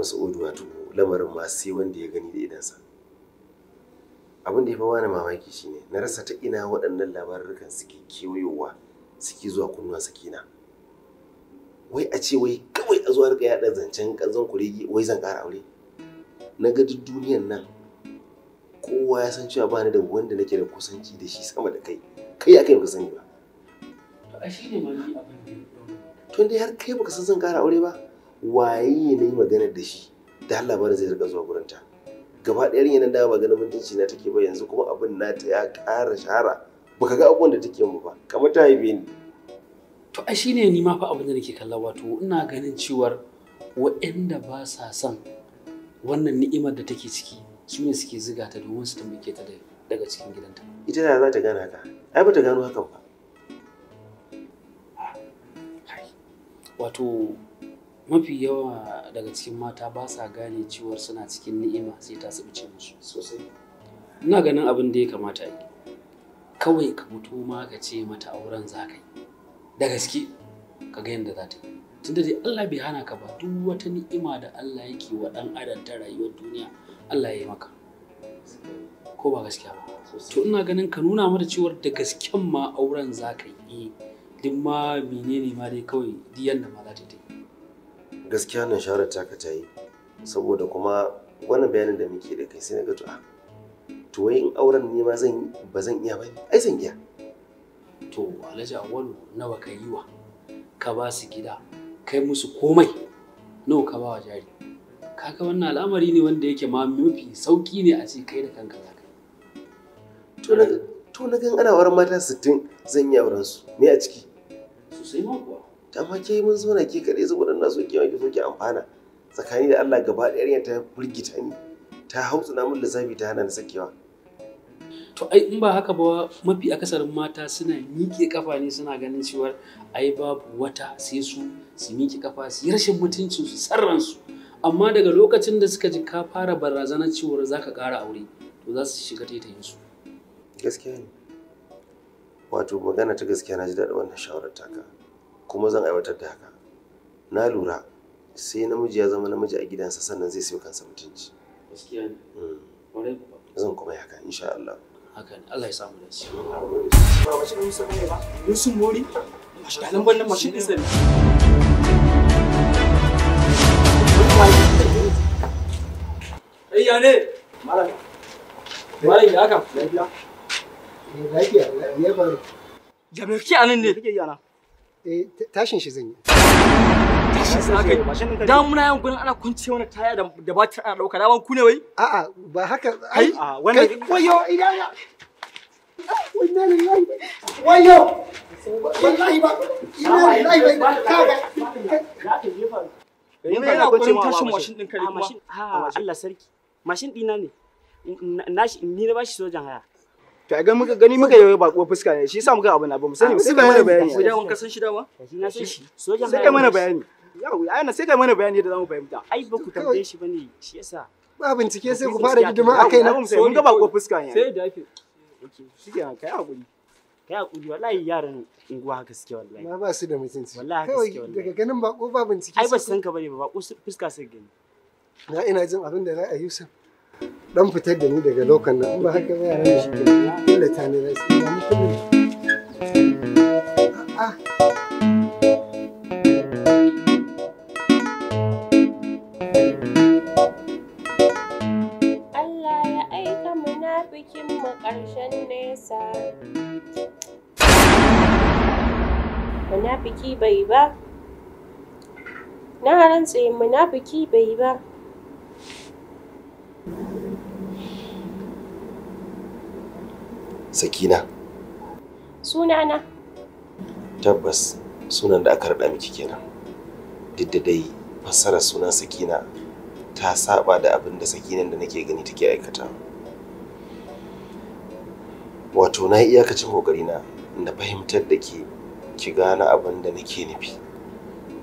mas'udu wato lamarin ma sai wanda ya gani da idansa abin da ya fi bani mamaki shine na rasa ta ina waɗannan labarukan suke kewayowa suke zuwa kunnuwa sakina wai a ce wai kawai a zuwa rika yaɗa zancen ƙanzon kuregi wai zan ƙara aure na ga duk duniyan nan kowa ya san cewa bani da wanda nake da kusanci da shi sama da kai kai kai baka sani ba to a shine abin da tun dai har kai baka san zan ƙara aure ba waye na yi magana da shi da Allah bar zai rika zuwa gurinta gaba ɗaya yarinya nan da ba ganin mutunci na take ba yanzu kuma abin nata ya ƙara shahara baka ga abubuwan da take mu ba kamar ta haife ni to a shine ni ma fa abin da nake kalla wato ina ganin cewar waɗanda ba sa son wannan ni'imar da take ciki su ne suke ziga ta domin su tambake ta daga cikin gidanta ita da za ta gane haka ai ba ta gano hakan ba wato mafi yawa daga cikin mata ba sa gane ciwar suna cikin ni'ima sai ta sabice musu sosai ina ganin abin da ya kamata yi kawai ka mutu ma ka ce mata auren za ka yi da gaske ka ga yadda za ta yi da dai Allah bai hana ka ba duk wata ni'ima da Allah yake wa dan adam ta rayuwar duniya Allah ya yi maka ko ba gaskiya ba to ina ganin ka nuna mata cewar da gasken ma auren za ka yi eh, duk ma menene ma dai kawai diyan da ma za ta yi gaskiya nan shawarar taka ta yi saboda kuma wannan bayanin da muke da kai sai na ga to a ah, to wai in auren ne ma zan ba zan iya ba ai zan iya to alhaji awwalu nawa ka yi wa ka ba su gida kai musu komai nawa ka ba wa jari kaga wannan al'amari ne wanda yake ma mafi sauki ne a ce kai da kanka za ka to na to na gan ana auren mata 60 zan iya auren su me a ciki sosai ma kuwa ta ma ke mun zauna ke kaɗai saboda na so ke ki so amfana tsakani da Allah gaba ɗaya ta burgita ni ta hautsina min lissafi ta hana ni sakewa to ai in ba haka ba mafi akasarin mata suna miƙe kafa ne suna ganin cewa ai babu wata sai su su miƙe kafa su yi rashin mutuncin su sarransu amma daga lokacin da suka ji ka fara barazana cewar za ka ƙara aure to za su shiga taitayin su gaskiya ne wato magana ta gaskiya na ji daɗin wannan shawarar taka kuma zan aiwatar da haka na lura sai namiji ya zama namiji a gidansa sannan zai siyo kansa mutunci mm. zan kuma haka insha Allah haka Allah ya samu da malam ya haka lafiya eh, lafiya ya faru jami'a ke anan ne yana Eh, tashin shi zan yi. Tashin sa kai. Da muna yan gurin ana kunce wani taya da da batir ana dauka. da ku kune wai? A'a, ba haka ai. A'a, wannan wayo ina ya. Wannan ne lai. Wayo. Wallahi ba. Ina ne dai ba. Ka ga. ta jefa. Ni ina gurin tashin mashin din kare kuma. Ha Allah sarki. Mashin dina ne. Na shi ni na bashi sojan haya. to ga muka gani muka yi bako fuska ne shi yasa muka abu na ba mu sani sai ka mana bayani ko da wanka san shi dama na san shi sai ka mana bayani yau ai sai ka mana bayani da zamu fahimta ai ba ku tambaye shi bane shi yasa ba bincike sai ku fara gidima akai na mun ga bako fuska ne sai da yake shi ke kai hakuri kai hakuri wallahi yaran unguwa gaske wallahi ma ba su da mutunci wallahi gaske wallahi daga ganin bako ba bincike ai ba san ka bane ba bako fuska sai gani na ina jin abin da za a yi Yusuf dan fitar da ni daga lokan nan ba haka ba yaran shi ke dole ta ne na sai ni kullum a'a ah, ah. Allah ya aika munafikin mu ƙarshen nesa munafiki bai ba na rantse munafiki bai ba Sakina. Sunana. Tabbas sunan da aka raɗa miki kenan. Duk da dai fassarar sunan Sakina ta saba da abin da Sakinan da nake gani take aikata. Wato na yi iyakacin ƙoƙarina na fahimtar da ke ki gane abin da nake nufi.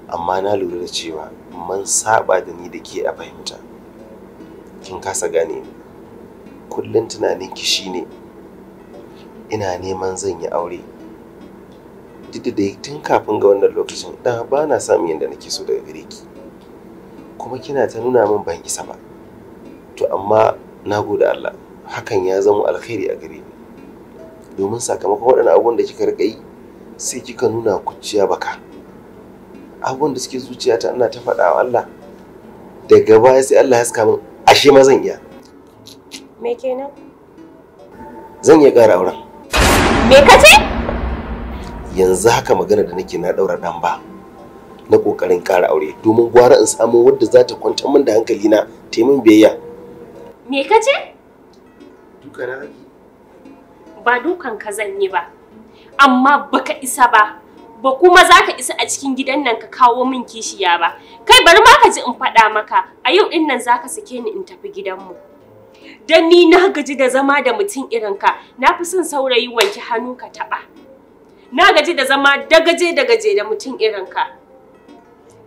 Amma na lura da cewa man saba da ni da ke a fahimta. Kin kasa gane ni. Kullum tunaninki shine ina neman zan yi aure duk da dai tun kafin ga wannan lokacin dan ba na samun yadda nake so daga gare kuma kina ta nuna min ban isa ba to amma na gode Allah hakan ya zama alkhairi a gare ni domin sakamakon waɗannan abubuwan da kika riƙa yi sai kika nuna kuciya baka abubuwan da suke zuciyata ina ta faɗa Allah daga baya sai Allah ya saka min ashe ma zan iya me kenan zan iya ƙara auren Me ka ce? Yanzu haka magana da nake na ɗaura ɗan ba. Na ƙoƙarin ƙara aure domin gwara in samu wadda za ta kwanta min da hankali na ta min biyayya. Me ka ce? Duka na Ba dukan ka zan yi ba. Amma baka isa ba. Ba kuma za ka isa a cikin gidan nan ka kawo min kishiya ba. Kai bari ma ka ji in faɗa maka a yau ɗin nan za ka sake ni in tafi gidanmu. Dan ni na gaji da zama da mutum irin ka. Na fi son saurayi wanki hannu ka taɓa. Na gaji da zama dagaje dagaje da mutum irin ka.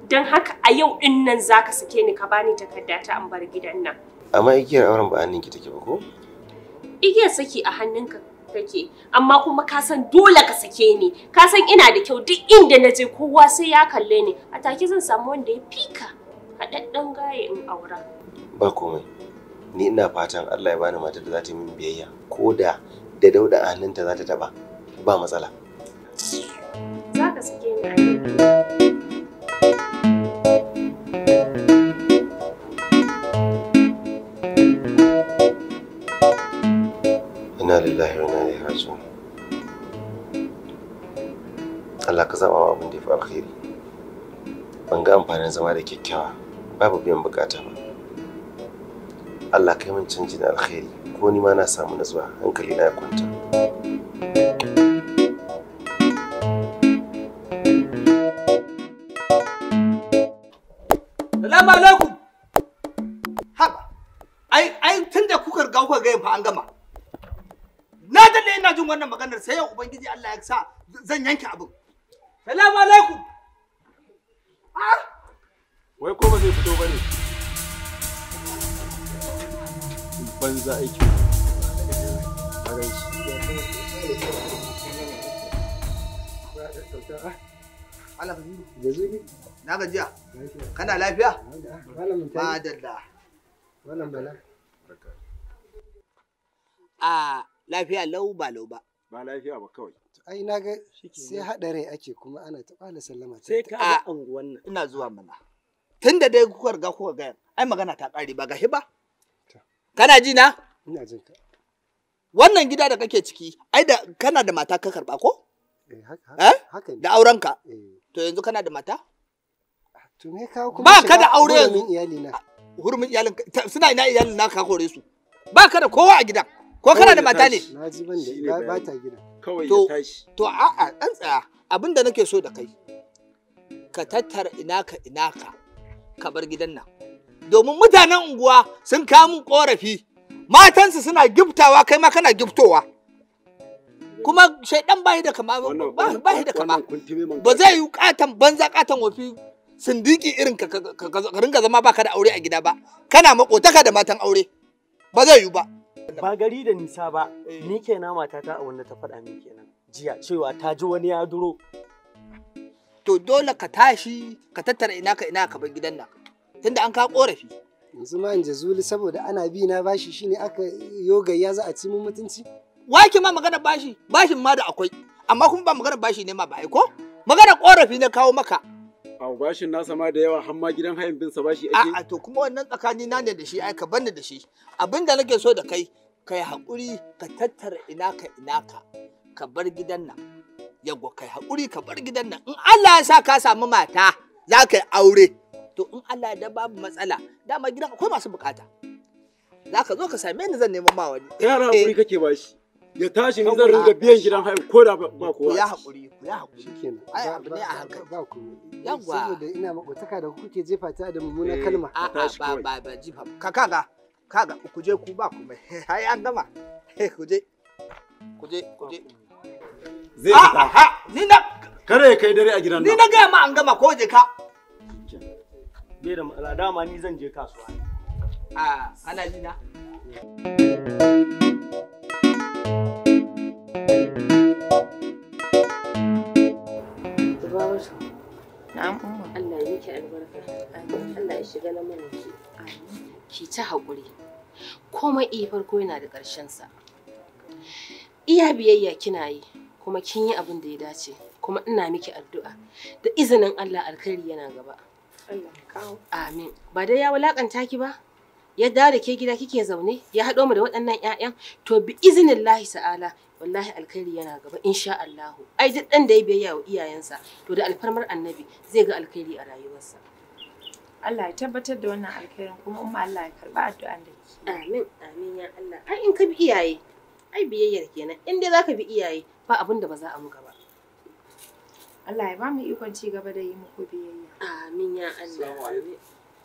Don haka a yau ɗin nan za ka sake ni ka bani takarda ta an bar gidan nan. Amma igiyar auren ba a ninki take ba ko? Igiyar saki a hannunka take, amma kuma ka san dole ka sake ni ka san ina da kyau duk inda na je kowa sai ya kalle ni a take zan samu wanda ya fika haɗaɗɗen gaye in aura ba komai ni ina fatan Allah ya bani matar da za ta yi min biyayya ko da da dauda a hannunta za ta taba ba matsala za ka lillahi wa Allah ka zaba abin da ya fi alkhairi ban ga amfanin zama da kyakkyawa babu biyan bukata ba Allah kai min canji na alkhairi ko ni ma na samu natsuwa hankali na ya kwanta Salamu alaikum Haba ai ai tunda kuka riga kuka ga fa an gama Na dade ina jin wannan maganar sai yau ubangiji Allah ya sa zan yanke abin Salamu alaikum Ah Wai ko ba zai fito bane banza aikin na kana lafiya ba da a lafiya ba lafiya ba kawai ai na ga sai haɗarai ake kuma ana ta ɓala sallama sai ka ga anguwan ina zuwa mana tunda dai kuka riga kuka ai magana ta ƙare ba gashi ba Kana ji na? Ina jin ka. Wannan gida da kake ciki, ai da kana da mata ka karba ko? Eh, haka eh? Da aurenka. Eh. To yanzu kana da mata? To me ka kuma Ba ka da aure yanzu. Hurumin iyali na. Hurumin iyalin ka? suna ina iyalin na ka kore su. Ba ka da kowa a gidan. Ko kana da mata ne? Na ji ban da ba ta gida. Kawai ta tashi. To a dan tsaya. Abin da nake so da kai. Ka tattara ina ka ina ka. Ka bar gidan nan. domin mutanen unguwa sun kawo mun korafi matansu suna giftawa kai ma kana giftowa kuma shaidan bayi da kama bayi da kama ba zai yi katan banza katan wafi sindiki irin ka ringa zama baka da aure a gida ba kana makotaka da matan aure ba zai yi ba ba gari da nisa ba eh. ni kenan matata a wanda ta faɗa min kenan jiya cewa ta ji wani ya duro to dole ka tashi ka tattara ina ka ina ka bar gidan nan tunda an ka korafi yanzu ma in zuli saboda ana bi na bashi shine aka yogayya za a ci mun mutunci wake ma magana bashi bashin ma da akwai amma kuma ba magana bashi ne ma ba ko magana korafi na kawo maka a bashin nasa ma da yawa har ma gidan hayan bin sa bashi ake a to kuma wannan tsakani na ne da shi ai ka banda da shi abinda nake so da kai kai hakuri ka tattara ina ka ina ka ka bar gidan nan yago kai hakuri ka bar gidan nan in Allah ya sa ka samu mata za ka yi aure to in Allah da babu matsala dama gidan akwai masu bukata za ka zo ka same ni zan neman ma wani yara eh. hakuri kake ba shi ya tashi ni zan ringa biyan gidan hayan ko da ba ko ya hakuri ya hakuri shikenan ai abu ne a hankali ba ku yawa saboda ina makotaka da kuke jefa ta da mummuna eh, kalma a ba ba ba jifa ka kaga kaga ku je ku ba ku mai ai an gama ku je ku je ku je zai fita ni na kare kai dare a gidan nan ni na ga ma an gama ko je ka bai da dama ni zan je kasuwa a ana ji na umma. Allah ya miki albarka. Allah ya shiga na mana ki. Ki ta haƙuri. Komai iya farko yana da ƙarshen sa. Iya biyayya kina yi kuma kin yi abin da ya dace kuma ina miki addu'a da izinin Allah alkhairi yana gaba. Amin. Ba dai ya wulakanta ki ba? Ya dawo da ke gida kike zaune, ya haɗo mu da waɗannan ƴaƴan, to bi izinin lahi ta'ala wallahi alkhairi yana gaba insha Allah. Ai duk ɗan da ya biyayya wa iyayensa, to da alfarmar annabi zai ga alkhairi a rayuwarsa. Allah ya tabbatar da wannan alkhairin kuma umma Allah ya karba addu'an da ke. Amin, amin ya Allah. Ai in ka bi iyaye, ai biyayyar kenan. In dai zaka bi iyaye, ba abin da ba za a muka ba. Allah ya ba mu ikon ci gaba da yi muku biyayya. Amin ya Allah.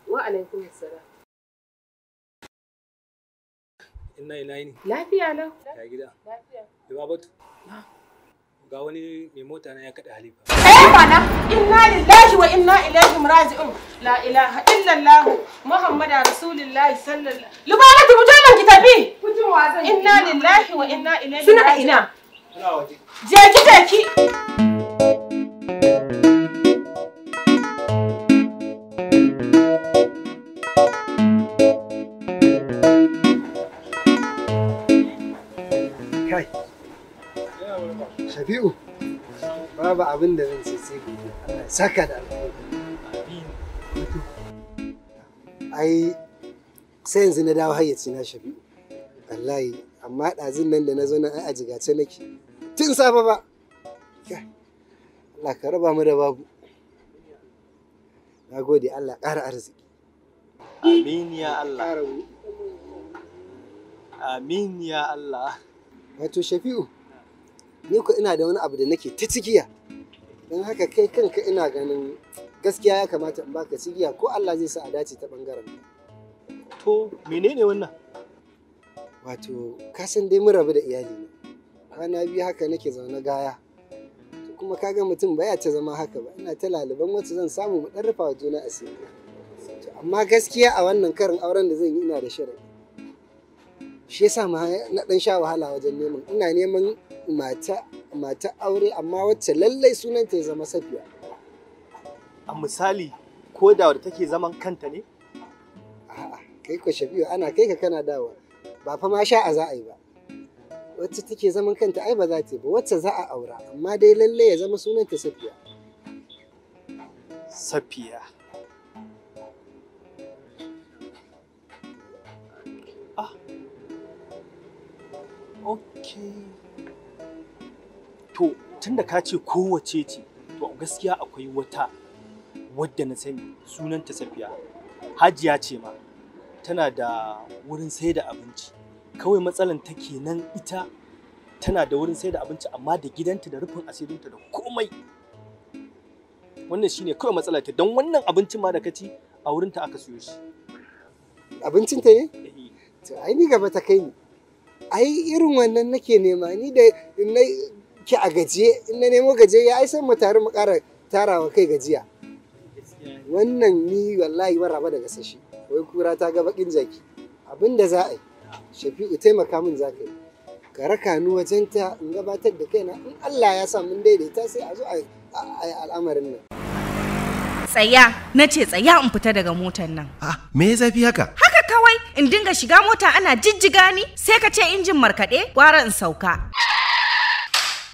Wa alaikum assalam. Inna ilahi ne. Lafiya lau. Ya gida. Lafiya. Da babatu. Ga wani mai mota na ya kaɗa halifa. Eh mana inna lillahi wa inna ilaihi raji'un. La ilaha illallah muhammadar Rasulullah sallallahu. Lubabatu mutumin ki tafi. Mutum wa zan. Inna lillahi wa inna ilaihi raji'un. Suna ina. Suna waje. Je ki tafi. ba abin da zan ce sai Allah saka da alƙawari ai sai yanzu na dawo hayyaci na shafi wallahi amma ɗazin nan da na zo na a jigace nake tun safe ba Allah ka raba mu da babu na gode Allah ƙara arziki amin ya Allah amin ya Allah wato shafi'u ni ko ina da wani abu da nake ta cikiya don haka kai kanka ina ganin gaskiya ya kamata in baka sigiya ko Allah zai sa a dace ta bangaren to menene wannan wato ka san dai mun rabu da iyali ne kwana biyu haka nake zaune gaya kuma kaga mutum baya ta zama haka ba ina ta laliban wacce zan samu mu dan rufa juna To amma gaskiya a wannan karin auren da zan yi ina da shirin shi yasa ma na dan sha wahala wajen neman ina neman mata mata aure amma wacce lallai sunanta ya zama safiya a misali ko da wadda take zaman kanta ne a'a kai ko shafi'u ana kai ka kana dawa ba fa ma sha'a za a yi ba wacce take zaman kanta ai ba za ta yi ba wacce za a aura amma dai lallai ya zama sunanta safiya safiya ah okay to tunda ka ce kowace ce to gaskiya akwai wata wadda na sani sunanta safiya hajiya ce ma tana da wurin sai da abinci kawai matsalan ta kenan ita tana da wurin sai da abinci amma da gidanta da rufin asirinta da komai wannan shine kawai matsalar ta don wannan abincin ma da ka ci a wurin ta aka siyo shi abincin ta yi? Eh. ai ni gaba ta kai ni ai irin wannan nake nema ni da ki a gajiye in na nemo gajiye ya ai mu tare mu ƙara tarawa kai gajiya wannan ni wallahi ban raba da gasashi wai kura ta ga bakin jaki abin da za a yi shafi'u taimaka min za ka yi ka raka ni wajenta in gabatar da kaina in Allah ya sa mun daidaita sai a zo a al'amarin nan tsaya na ce tsaya in fita daga motar nan ah, me ya zafi haka haka kawai in dinga shiga mota ana jijjiga ni sai ka ce injin markaɗe gwara in sauka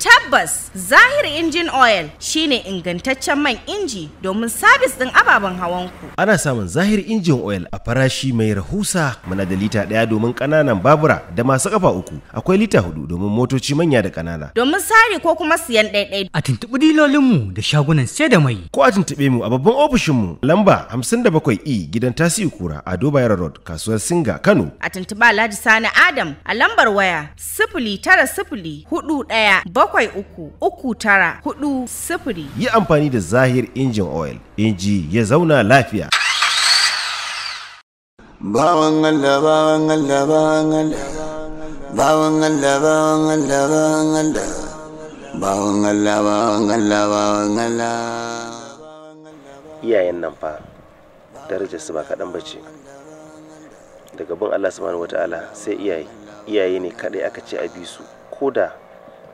Tabbas Zahir Injin Oil shine ingantaccen man inji domin sabis din ababen hawanku. Ana samun Zahir Injin Oil a farashi mai rahusa muna da lita daya domin kananan babura da masu ƙafa uku akwai lita hudu domin motoci manya da kanana. Domin sari ko kuma siyan ɗaiɗai. A tuntuɓi mu da shagunan sai da mai. Ko a tuntuɓe mu a babban ofishinmu lamba hamsin da bakwai E gidan tasi Kura a Dobayar Road kasuwar Singa Kano. A tuntuɓa Alhaji Sani Adam a lambar waya sifili tara sifili hudu ɗaya bakwai uku uku tara hudu sifiri. Yi amfani da Zahir injin oil, inji ya zauna lafiya. Bawan Allah, bawan Allah, bawan Allah, bawan Allah, bawan Allah, bawan Allah, bawan Allah, bawan Allah, bawan Allah. Iyayen nan fa daraja su ba kaɗan bace. Daga bin Allah subhanahu wa ta'ala sai iyaye, iyaye ne kaɗai aka ce a bi su, ko da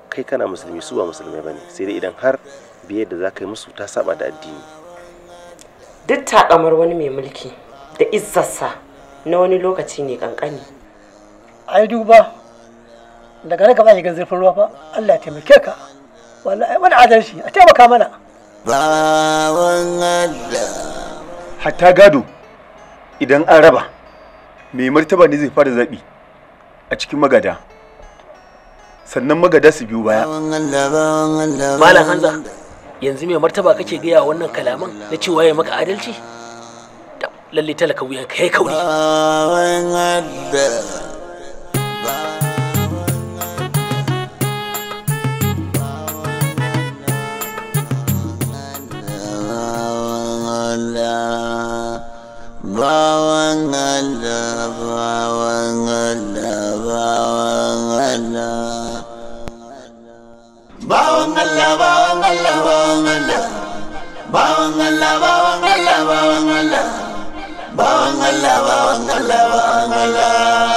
kai kana musulmi su ba musulmai bane sai dai idan har biyar da za ka musu ta saba da addini duk takamar wani mai mulki da izzarsa na wani lokaci ne kankani ai duba daga nan ba shiga zurfin ruwa ba Allah ya taimake ka wallahi adalci a taimaka mana bawan Allah hatta gado idan an raba mai martaba ne zai fara zabi a cikin magada sannan magada su biyu baya malam hanza yanzu mai martaba kake gaya wannan kalaman na cewa ya maka adalci lalle talaka wuyan ka yi kauri Bawang Allah, Bawang Allah, Bawang Allah. bawan Allah bawan Allah bawan Allah Allah Allah Allah Allah Allah Allah